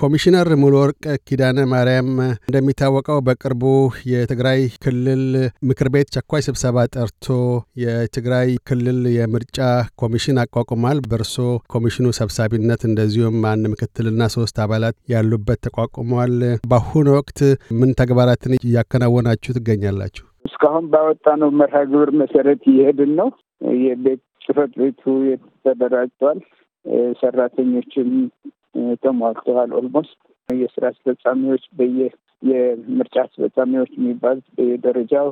ኮሚሽነር ሙሉ ወርቅ ኪዳነ ማርያም እንደሚታወቀው በቅርቡ የትግራይ ክልል ምክር ቤት ቸኳይ ስብሰባ ጠርቶ የትግራይ ክልል የምርጫ ኮሚሽን አቋቁሟል። በእርሶ ኮሚሽኑ ሰብሳቢነት እንደዚሁም አንድ ምክትልና ሶስት አባላት ያሉበት ተቋቁሟል። በአሁኑ ወቅት ምን ተግባራትን እያከናወናችሁ ትገኛላችሁ? እስካሁን ባወጣነው መርሃ ግብር መሰረት እየሄድን ነው። የቤት ጽህፈት ቤቱ ተደራጅቷል። ሰራተኞችም ተሟልተዋል። ኦልሞስት የስራ አስፈጻሚዎች በየ የምርጫ አስፈጻሚዎች የሚባሉት በየደረጃው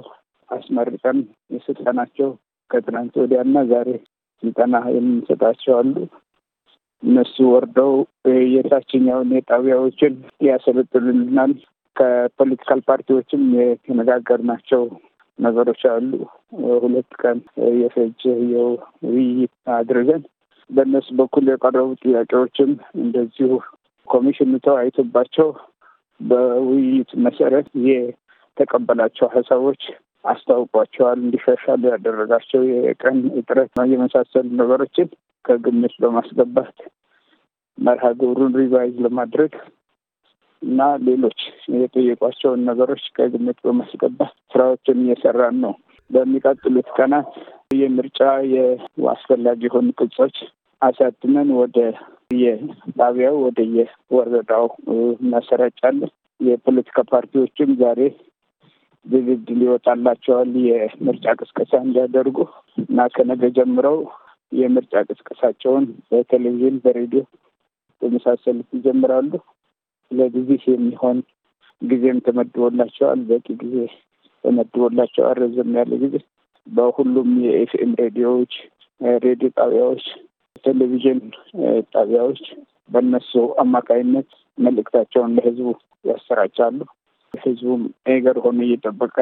አስመርቀን የስልጠናቸው ከትናንት ወዲያና ዛሬ ስልጠና የምንሰጣቸው አሉ። እነሱ ወርደው የታችኛውን የጣቢያዎችን ያሰለጥሉልናል። ከፖለቲካል ፓርቲዎችም የተነጋገርናቸው ነገሮች አሉ። ሁለት ቀን የፈጀ የውይይት አድርገን በእነሱ በኩል የቀረቡ ጥያቄዎችም እንደዚሁ ኮሚሽኑ ተወያይቶባቸው በውይይት መሰረት የተቀበላቸው ሀሳቦች አስታውቋቸዋል። እንዲሻሻሉ ያደረጋቸው የቀን እጥረት የመሳሰሉ ነገሮችን ከግምት በማስገባት መርሃ ግብሩን ሪቫይዝ ለማድረግ እና ሌሎች የጠየቋቸውን ነገሮች ከግምት በማስገባት ስራዎችን እየሰራን ነው። በሚቀጥሉት ቀናት የምርጫ የአስፈላጊ የሆኑ ቅጾች አሳትመን ወደ የጣቢያው ወደ የወረዳው እናሰራጫለን። የፖለቲካ ፓርቲዎችም ዛሬ ዝግጅ ሊወጣላቸዋል የምርጫ ቅስቀሳ እንዲያደርጉ እና ከነገ ጀምረው የምርጫ ቅስቀሳቸውን በቴሌቪዥን፣ በሬዲዮ በመሳሰሉት ይጀምራሉ። ለዚህ የሚሆን ጊዜም ተመድቦላቸዋል። በቂ ጊዜ ተመድቦላቸው ረዘም ያለ ጊዜ በሁሉም የኤፍኤም ሬዲዮዎች፣ ሬዲዮ ጣቢያዎች፣ ቴሌቪዥን ጣቢያዎች በእነሱ አማካይነት መልእክታቸውን ለህዝቡ ያሰራጫሉ። ህዝቡም ነገር ሆኖ እየጠበቀ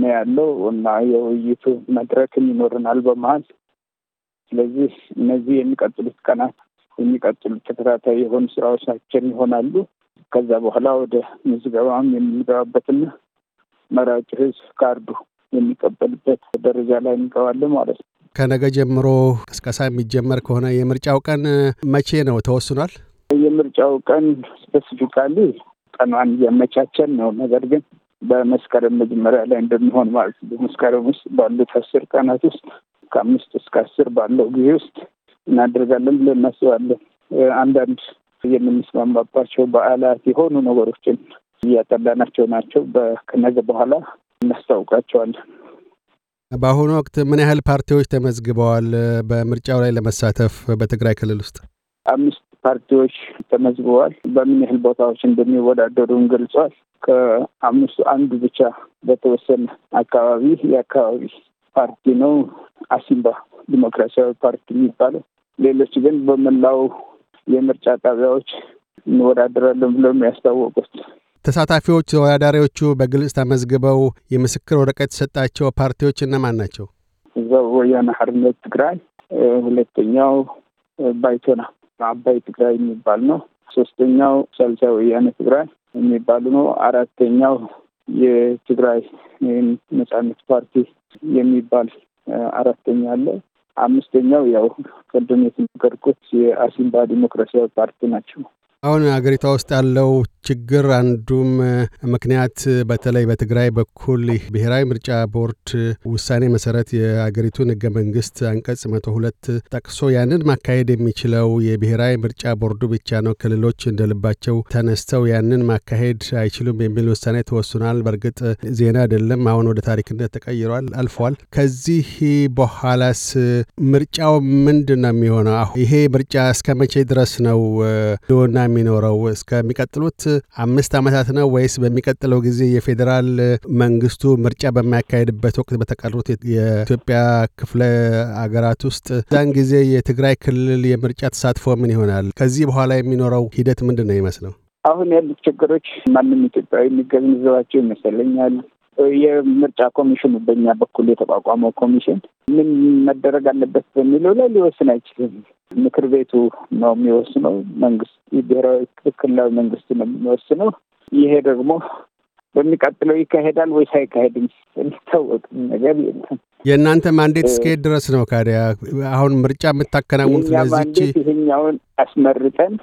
ነው ያለው እና የውይይቱ መድረክም ይኖረናል በመሀል። ስለዚህ እነዚህ የሚቀጥሉት ቀናት የሚቀጥሉት ተከታታይ የሆኑ ስራዎቻችን ይሆናሉ። ከዛ በኋላ ወደ ምዝገባም የምንገባበትና መራጭ ህዝብ ካርዱ የሚቀበልበት ደረጃ ላይ እንገባለን ማለት ነው። ከነገ ጀምሮ ቅስቀሳ የሚጀመር ከሆነ የምርጫው ቀን መቼ ነው ተወስኗል? የምርጫው ቀን ስፔሲፊካሊ ቀኗን እያመቻቸን ነው። ነገር ግን በመስከረም መጀመሪያ ላይ እንደሚሆን ማለት በመስከረም ውስጥ ባሉት አስር ቀናት ውስጥ ከአምስት እስከ አስር ባለው ጊዜ ውስጥ እናደርጋለን ብለን እናስባለን። አንዳንድ የምንስማማባቸው በዓላት የሆኑ ነገሮችን እያጠላናቸው ናቸው። ከነገ በኋላ እናስታውቃቸዋለን። በአሁኑ ወቅት ምን ያህል ፓርቲዎች ተመዝግበዋል በምርጫው ላይ ለመሳተፍ በትግራይ ክልል ውስጥ? አምስት ፓርቲዎች ተመዝግበዋል። በምን ያህል ቦታዎች እንደሚወዳደሩን ገልጿል። ከአምስቱ አንዱ ብቻ በተወሰነ አካባቢ የአካባቢ ፓርቲ ነው፣ አሲምባ ዲሞክራሲያዊ ፓርቲ የሚባለው። ሌሎች ግን በመላው የምርጫ ጣቢያዎች እንወዳደራለን ብለው የሚያስታወቁት ተሳታፊዎች ተወዳዳሪዎቹ በግልጽ ተመዝግበው የምስክር ወረቀት የተሰጣቸው ፓርቲዎች እነማን ናቸው? እዛው ወያነ ሓርነት ትግራይ፣ ሁለተኛው ባይቶና አባይ ትግራይ የሚባል ነው። ሶስተኛው ሳልሳይ ወያነ ትግራይ የሚባሉ ነው። አራተኛው የትግራይ ነጻነት ፓርቲ የሚባል አራተኛ አለ። አምስተኛው ያው ቅድም የተናገርኩት የአሲምባ ዲሞክራሲያዊ ፓርቲ ናቸው። አሁን ሀገሪቷ ውስጥ ያለው ችግር አንዱም ምክንያት በተለይ በትግራይ በኩል ብሔራዊ ምርጫ ቦርድ ውሳኔ መሰረት የአገሪቱን ህገ መንግስት አንቀጽ መቶ ሁለት ጠቅሶ ያንን ማካሄድ የሚችለው የብሔራዊ ምርጫ ቦርዱ ብቻ ነው፣ ክልሎች እንደልባቸው ተነስተው ያንን ማካሄድ አይችሉም የሚል ውሳኔ ተወስኗል። በእርግጥ ዜና አይደለም፣ አሁን ወደ ታሪክነት ተቀይሯል፣ አልፏል። ከዚህ በኋላስ ምርጫው ምንድን ነው የሚሆነው? ይሄ ምርጫ እስከ መቼ ድረስ ነው ህልውና የሚኖረው? እስከሚቀጥሉት አምስት ዓመታት ነው ወይስ በሚቀጥለው ጊዜ የፌዴራል መንግስቱ ምርጫ በማያካሄድበት ወቅት በተቀሩት የኢትዮጵያ ክፍለ አገራት ውስጥ ዛን ጊዜ የትግራይ ክልል የምርጫ ተሳትፎ ምን ይሆናል? ከዚህ በኋላ የሚኖረው ሂደት ምንድን ነው ይመስለው? አሁን ያሉት ችግሮች ማንም ኢትዮጵያዊ የሚገነዘባቸው ይመስለኛል። የምርጫ ኮሚሽኑ በኛ በኩል የተቋቋመው ኮሚሽን ምን መደረግ አለበት በሚለው ላይ ሊወስን አይችልም። ምክር ቤቱ ነው የሚወስነው። መንግስት ብሔራዊ ክልላዊ መንግስት ነው የሚወስነው። ይሄ ደግሞ በሚቀጥለው ይካሄዳል ወይስ አይካሄድም የሚታወቅ ነገር የለም። የእናንተ ማንዴት እስከሄድ ድረስ ነው። ካዲያ አሁን ምርጫ የምታከናውኑት ለዚች ይህኛውን አስመርጠን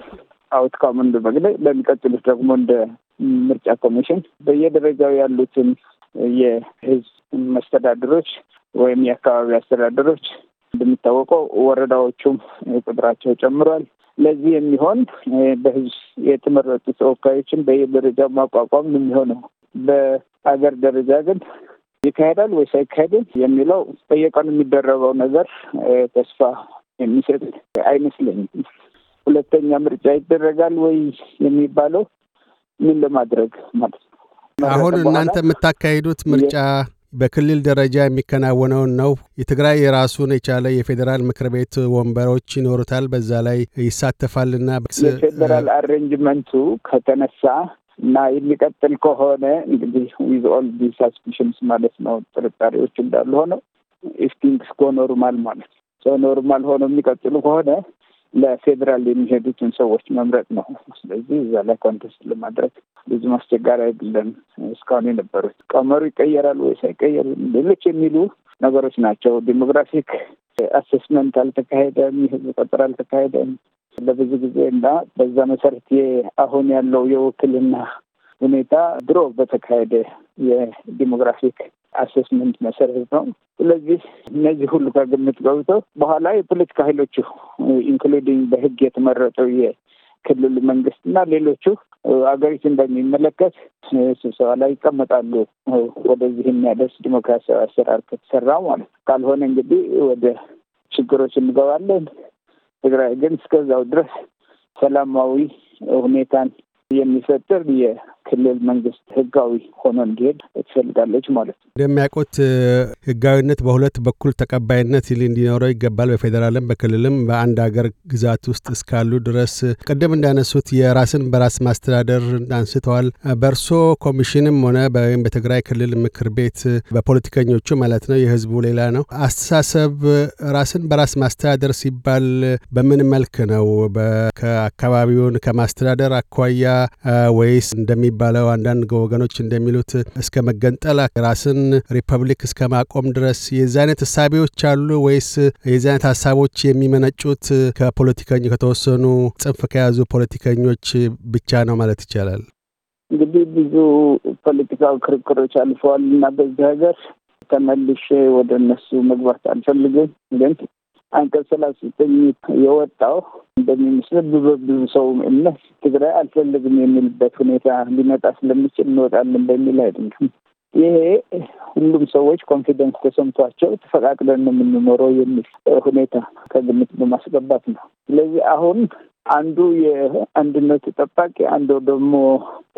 አውትካም እንደ በሚቀጥሉት ደግሞ እንደ ምርጫ ኮሚሽን በየደረጃው ያሉትን የህዝብ መስተዳድሮች ወይም የአካባቢ አስተዳደሮች እንደሚታወቀው ወረዳዎቹም ቁጥራቸው ጨምሯል። ለዚህ የሚሆን በህዝብ የተመረጡ ተወካዮችን በየደረጃው ማቋቋም የሚሆነው። በአገር ደረጃ ግን ይካሄዳል ወይስ አይካሄድም የሚለው በየቀኑ የሚደረገው ነገር ተስፋ የሚሰጥ አይመስለኝም። ሁለተኛ ምርጫ ይደረጋል ወይ የሚባለው ምን ለማድረግ ማለት ነው? አሁን እናንተ የምታካሂዱት ምርጫ በክልል ደረጃ የሚከናወነውን ነው። የትግራይ የራሱን የቻለ የፌዴራል ምክር ቤት ወንበሮች ይኖሩታል፣ በዛ ላይ ይሳተፋልና የፌዴራል አሬንጅመንቱ ከተነሳ እና የሚቀጥል ከሆነ እንግዲህ ዊዝ ኦል ዲ ሳስፒሽንስ ማለት ነው ጥርጣሬዎች እንዳሉ ሆነው ኢፍ ቲንግስ ጎ ኖርማል ማለት ኖርማል ሆኖ የሚቀጥሉ ከሆነ ለፌዴራል የሚሄዱትን ሰዎች መምረጥ ነው። ስለዚህ እዛ ላይ ኮንቴስት ለማድረግ ብዙ አስቸጋሪ አይደለም። እስካሁን የነበሩት ቀመሩ ይቀየራል ወይስ አይቀየርም ሌሎች የሚሉ ነገሮች ናቸው። ዲሞግራፊክ አሴስመንት አልተካሄደም፣ የህዝብ ቀጠር አልተካሄደም ለብዙ ጊዜ እና በዛ መሰረት አሁን ያለው የውክልና ሁኔታ ድሮ በተካሄደ የዲሞግራፊክ አሴስመንት መሰረት ነው። ስለዚህ እነዚህ ሁሉ ከግምት ገብተው በኋላ የፖለቲካ ኃይሎቹ ኢንክሉዲንግ በህግ የተመረጠው የክልሉ መንግስት እና ሌሎቹ አገሪቱን በሚመለከት ስብሰባ ላይ ይቀመጣሉ። ወደዚህ የሚያደርስ ዲሞክራሲያዊ አሰራር ከተሰራ ማለት ካልሆነ እንግዲህ ወደ ችግሮች እንገባለን። ትግራይ ግን እስከዛው ድረስ ሰላማዊ ሁኔታን የሚፈጥር ክልል መንግስት ህጋዊ ሆኖ እንዲሄድ ትፈልጋለች ማለት ነው። እንደሚያውቁት ህጋዊነት በሁለት በኩል ተቀባይነት እንዲኖረው ይገባል። በፌዴራልም በክልልም በአንድ ሀገር ግዛት ውስጥ እስካሉ ድረስ ቅድም እንዳነሱት የራስን በራስ ማስተዳደር አንስተዋል። በእርሶ ኮሚሽንም ሆነ ወይም በትግራይ ክልል ምክር ቤት በፖለቲከኞቹ ማለት ነው፣ የህዝቡ ሌላ ነው አስተሳሰብ። ራስን በራስ ማስተዳደር ሲባል በምን መልክ ነው? ከአካባቢውን ከማስተዳደር አኳያ ወይስ እንደሚ የሚባለው አንዳንድ ወገኖች እንደሚሉት እስከ መገንጠል ራስን ሪፐብሊክ እስከ ማቆም ድረስ የዚ አይነት እሳቢዎች አሉ ወይስ የዚ አይነት ሀሳቦች የሚመነጩት ከፖለቲከኞ ከተወሰኑ ጽንፍ ከያዙ ፖለቲከኞች ብቻ ነው ማለት ይቻላል? እንግዲህ ብዙ ፖለቲካዊ ክርክሮች አልፈዋል እና በዚህ ሀገር ተመልሼ ወደ እነሱ መግባት አልፈልግም ግን አንቀጽ ሰላሳ ዘጠኝ የወጣው እንደሚመስል ብዙ ብዙ ሰው እምነት ትግራይ አልፈልግም የሚልበት ሁኔታ ሊመጣ ስለሚችል እንወጣለን በሚል አይደለም። ይሄ ሁሉም ሰዎች ኮንፊደንስ ተሰምቷቸው ተፈቃቅለን ነው የምንኖረው የሚል ሁኔታ ከግምት በማስገባት ነው። ስለዚህ አሁን አንዱ የአንድነት ጠባቂ አንዱ ደግሞ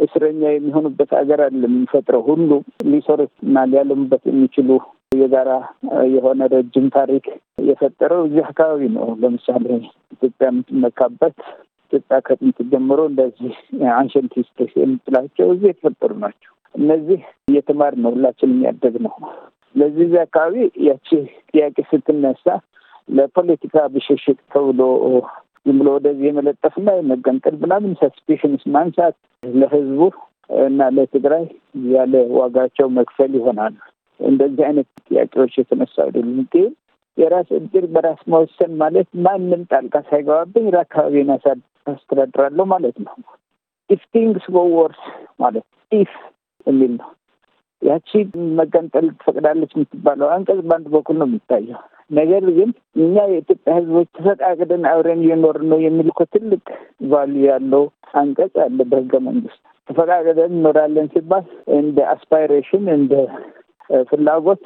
እስረኛ የሚሆኑበት ሀገር አለ የሚፈጥረው ሁሉ ሊሰሩት እና ሊያለሙበት የሚችሉ የጋራ የሆነ ረጅም ታሪክ የፈጠረው እዚህ አካባቢ ነው። ለምሳሌ ኢትዮጵያ የምትመካበት ኢትዮጵያ ከጥንት ጀምሮ እንደዚህ አንሸንት ሂስትሪ የምትላቸው እዚህ የተፈጠሩ ናቸው። እነዚህ እየተማር ነው ሁላችን የሚያደግ ነው። ስለዚህ እዚህ አካባቢ ያቺ ጥያቄ ስትነሳ ለፖለቲካ ብሽሽቅ ተብሎ ዝም ብሎ ወደዚህ የመለጠፍና የመገንጠል ምናምን ሰስፔሽንስ ማንሳት ለህዝቡ እና ለትግራይ ያለ ዋጋቸው መክፈል ይሆናል። እንደዚህ አይነት ጥያቄዎች የተነሳ አይደሉም። ግን የራስ እድር በራስ መወሰን ማለት ማንም ጣልቃ ሳይገባብኝ አካባቢን አስተዳድራለሁ ማለት ነው። ኢፍ ቲንግስ ጎ ወርስ ማለት ኢፍ የሚል ነው። ያቺ መገንጠል ትፈቅዳለች የምትባለው አንቀጽ በአንድ በኩል ነው የሚታየው። ነገር ግን እኛ የኢትዮጵያ ሕዝቦች ተፈቃቅደን አብረን እየኖር ነው የሚል እኮ ትልቅ ቫሉ ያለው አንቀጽ አለ በህገ መንግስት። ተፈቃቅደን እንኖራለን ሲባል እንደ አስፓይሬሽን እንደ ፍላጎት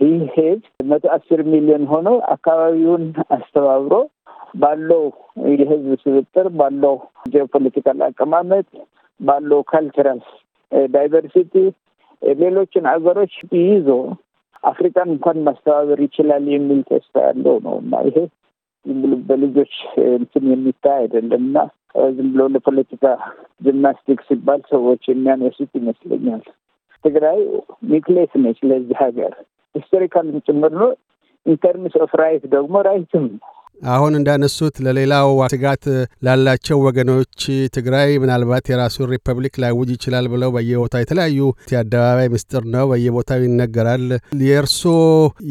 ይህ ህዝብ መቶ አስር ሚሊዮን ሆኖ አካባቢውን አስተባብሮ ባለው የህዝብ ስብጥር ባለው ጂኦፖለቲካል አቀማመጥ ባለው ካልቸራል ዳይቨርሲቲ ሌሎችን አገሮች ይዞ አፍሪካን እንኳን ማስተባበር ይችላል የሚል ተስፋ ያለው ነው እና ይሄ ዝም ብሎ በልጆች እንትን የሚታይ አይደለም እና ዝም ብሎ ለፖለቲካ ጂምናስቲክ ሲባል ሰዎች የሚያነሱት ይመስለኛል። ትግራይ ኒክሌስ ነች ለዚህ ሀገር ሂስቶሪካል ጭምር ነው። ኢንተርምስ ኦፍ ራይት ደግሞ ራይትም አሁን እንዳነሱት ለሌላው ስጋት ላላቸው ወገኖች ትግራይ ምናልባት የራሱን ሪፐብሊክ ላይውጅ ይችላል ብለው በየቦታ የተለያዩ የአደባባይ ምስጢር ነው፣ በየቦታው ይነገራል። የእርስዎ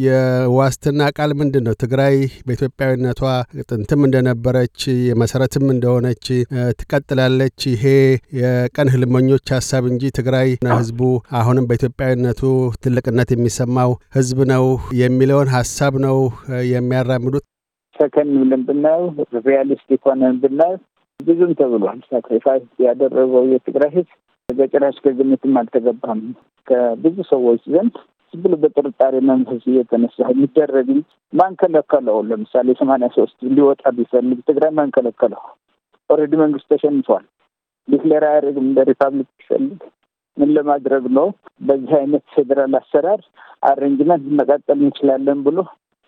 የዋስትና ቃል ምንድን ነው? ትግራይ በኢትዮጵያዊነቷ ጥንትም እንደነበረች የመሰረትም እንደሆነች ትቀጥላለች። ይሄ የቀን ህልመኞች ሀሳብ እንጂ ትግራይ ህዝቡ አሁንም በኢትዮጵያዊነቱ ትልቅነት የሚሰማው ህዝብ ነው የሚለውን ሀሳብ ነው የሚያራምዱት። ሰከን ብለን ብናየው ሪያሊስቲክ ሆነን ብናየው ብዙም ተብሏል። ሳክሪፋይስ ያደረገው የትግራይ ህዝብ በጭራሽ ከግምትም አልተገባም። ከብዙ ሰዎች ዘንድ ብሎ በጥርጣሬ መንፈስ እየተነሳ የሚደረግ ማንከለከለው። ለምሳሌ ሰማንያ ሶስት ሊወጣ ቢፈልግ ትግራይ ማንከለከለው። ኦልሬዲ መንግስት ተሸንፏል። ዲክሌር አያደርግም እንደ ሪፐብሊክ ቢፈልግ ምን ለማድረግ ነው? በዚህ አይነት ፌዴራል አሰራር አሬንጅመንት መቀጠል እንችላለን ብሎ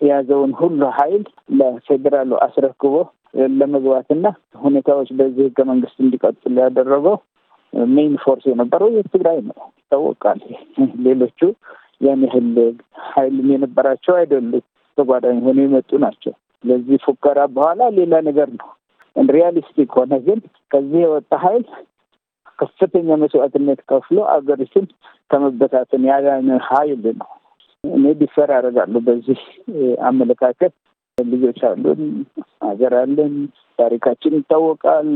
የያዘውን ሁሉ ኃይል ለፌዴራሉ አስረክቦ ለመግባትና ሁኔታዎች በዚህ ህገ መንግስት እንዲቀጥል ያደረገው ሜይን ፎርስ የነበረው የትግራይ ነው ይታወቃል። ሌሎቹ ያን ያህል ኃይልም የነበራቸው አይደሉም፣ ተጓዳኝ ሆኖ የመጡ ናቸው። ለዚህ ፉከራ በኋላ ሌላ ነገር ነው። ሪያሊስቲክ ሆነ ግን ከዚህ የወጣ ኃይል ከፍተኛ መስዋዕትነት ከፍሎ አገሪቱን ከመበታተን ያዳነ ኃይል ነው። እኔ ዲፈር አደርጋለሁ በዚህ አመለካከት። ልጆች አሉን፣ ሀገር አለን፣ ታሪካችን ይታወቃል።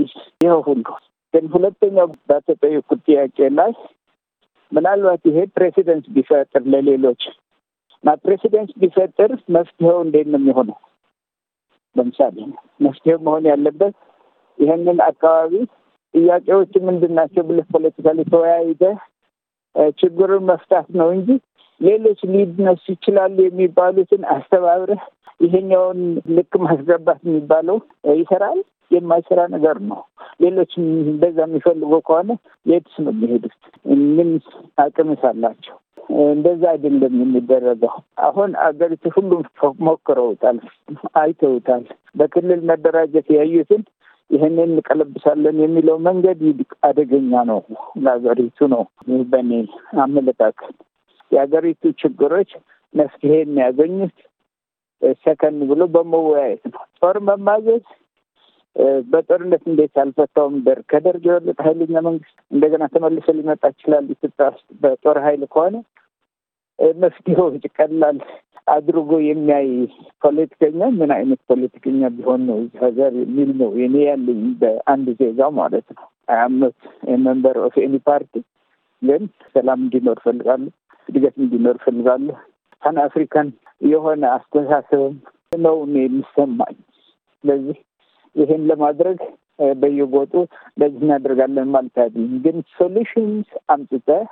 ይኸው ሁሉ ግን ሁለተኛው በተጠየቁት ጥያቄ ላይ ምናልባት ይሄ ፕሬሲደንት ቢፈጥር ለሌሎች እና ፕሬሲደንት ቢፈጥር መፍትሄው እንዴት ነው የሚሆነው? ለምሳሌ መፍትሄው መሆን ያለበት ይህንን አካባቢ ጥያቄዎች ምንድን ናቸው ብለህ ፖለቲካሊ ተወያይተህ ችግሩን መፍታት ነው እንጂ ሌሎች ሊነሱ ይችላሉ የሚባሉትን አስተባብረህ ይሄኛውን ልክ ማስገባት የሚባለው ይሰራል። የማይሰራ ነገር ነው። ሌሎች እንደዛ የሚፈልጉ ከሆነ የትስ ነው የሚሄዱት? ምን አቅምስ አላቸው? እንደዛ አይደለም የሚደረገው። አሁን አገሪቱ ሁሉም ሞክረውታል፣ አይተውታል። በክልል መደራጀት ያዩትን ይህንን እንቀለብሳለን የሚለው መንገድ አደገኛ ነው ለሀገሪቱ ነው በእኔ አመለካከት። የሀገሪቱ ችግሮች መፍትሄ የሚያገኙት ሰከን ብሎ በመወያየት ነው። ጦር መማዘዝ በጦርነት እንዴት አልፈታውም ደር ከደርግ የወለጠ ኃይለኛ መንግስት እንደገና ተመልሶ ሊመጣ ይችላል። ኢትዮጵያ ውስጥ በጦር ኃይል ከሆነ መፍትሄዎች ቀላል አድርጎ የሚያይ ፖለቲከኛ ምን አይነት ፖለቲከኛ ቢሆን ነው እዚህ ሀገር የሚል ነው የኔ ያለኝ በአንድ ዜጋው ማለት ነው። አያመት የመንበር ኦፍ ኤኒ ፓርቲ ግን ሰላም እንዲኖር ፈልጋለሁ። እድገት እንዲኖር እፈልጋለሁ። ፓን አፍሪካን የሆነ አስተሳሰብም ነው የሚሰማኝ። ስለዚህ ይሄን ለማድረግ በየጎጡ እንደዚህ እናደርጋለን ማለት አይደለም፣ ግን ሶሉሽንስ አምጥተህ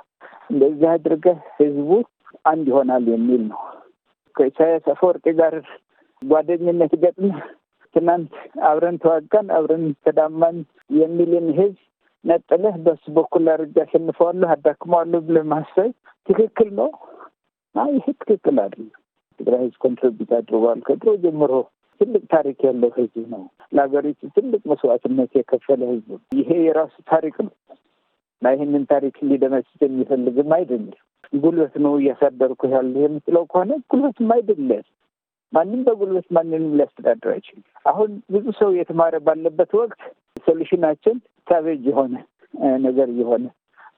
እንደዚህ አድርገህ ህዝቡ አንድ ይሆናል የሚል ነው። ከኢሳያስ አፈወርቂ ጋር ጓደኝነት ገጥመህ ትናንት አብረን ተዋጋን አብረን ተዳማን የሚልን ህዝብ ነጥለህ በሱ በኩል አድርጌ አሸንፈዋለሁ አዳክመዋለሁ ብለህ ማሰብ ትክክል ነው። ይሄ ትክክል አይደለም። ትግራይ ህዝብ ኮንትሪቢዩት አድርጓል። ከድሮ ጀምሮ ትልቅ ታሪክ ያለው ህዝብ ነው። ለሀገሪቱ ትልቅ መስዋዕትነት የከፈለ ህዝብ ነው። ይሄ የራሱ ታሪክ ነው እና ይህንን ታሪክ እንዲደመስስ የሚፈልግም አይደለም። ጉልበት ነው እያሳደርኩ ያሉ የምትለው ከሆነ ጉልበትም አይደለም። ማንም በጉልበት ማንንም ሊያስተዳድር አይችልም። አሁን ብዙ ሰው የተማረ ባለበት ወቅት ሶሉሽናችን ሳቬጅ የሆነ ነገር የሆነ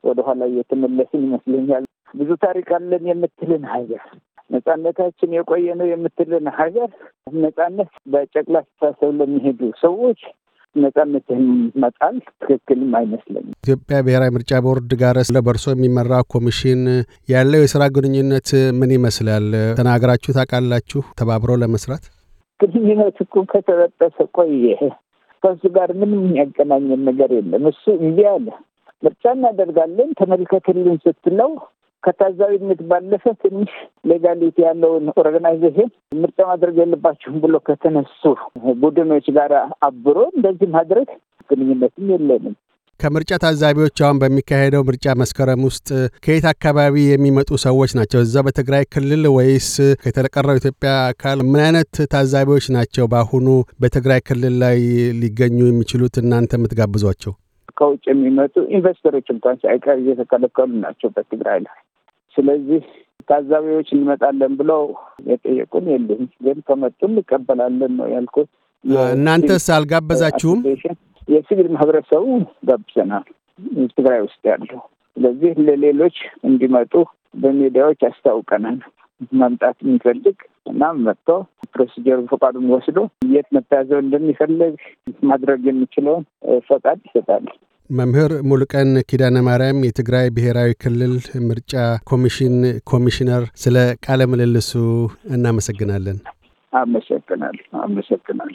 ወደኋላ እየተመለስን ይመስለኛል። ብዙ ታሪክ አለን የምትልን ሀገር ነጻነታችን የቆየ ነው የምትልን ሀገር ነጻነት በጨቅላ አስተሳሰብ ለሚሄዱ ሰዎች ነጻነትህን መጣል ትክክልም አይመስለኝም። ኢትዮጵያ ብሔራዊ ምርጫ ቦርድ ጋር ስለ የሚመራ ኮሚሽን ያለው የስራ ግንኙነት ምን ይመስላል? ተናግራችሁ ታውቃላችሁ? ተባብሮ ለመስራት ግንኙነት እኮ ከተበጠሰ ቆየ። ከሱ ጋር ምንም የሚያገናኘን ነገር የለም። እሱ እንዲህ አለ፣ ምርጫ እናደርጋለን ተመልከትልን ስትለው ከታዛቢነት ባለፈ ትንሽ ሌጋሊቲ ያለውን ኦርጋናይዜሽን ምርጫ ማድረግ የለባችሁም ብሎ ከተነሱ ቡድኖች ጋር አብሮ እንደዚህ ማድረግ ግንኙነትም የለንም። ከምርጫ ታዛቢዎች አሁን በሚካሄደው ምርጫ መስከረም ውስጥ ከየት አካባቢ የሚመጡ ሰዎች ናቸው? እዛ በትግራይ ክልል ወይስ ከተቀረው ኢትዮጵያ አካል ምን አይነት ታዛቢዎች ናቸው በአሁኑ በትግራይ ክልል ላይ ሊገኙ የሚችሉት እናንተ የምትጋብዟቸው? ከውጭ የሚመጡ ኢንቨስተሮች እንኳን ሳይቀር እየተከለከሉ ናቸው በትግራይ ላይ። ስለዚህ ታዛቢዎች እንመጣለን ብለው የጠየቁን የለም፣ ግን ከመጡ እንቀበላለን ነው ያልኩት። እናንተስ አልጋበዛችሁም? የሲቪል ማህበረሰቡ ጋብዘናል፣ ትግራይ ውስጥ ያለው። ስለዚህ ለሌሎች እንዲመጡ በሚዲያዎች ያስታውቀናል። መምጣት የሚፈልግ እና መጥቶ ፕሮሲጀሩ ፈቃዱን ወስዶ የት መታያዘው እንደሚፈልግ ማድረግ የሚችለውን ፈቃድ ይሰጣል። መምህር ሙሉቀን ኪዳነ ማርያም የትግራይ ብሔራዊ ክልል ምርጫ ኮሚሽን ኮሚሽነር፣ ስለ ቃለ ምልልሱ እናመሰግናለን። አመሰግናል አመሰግናል።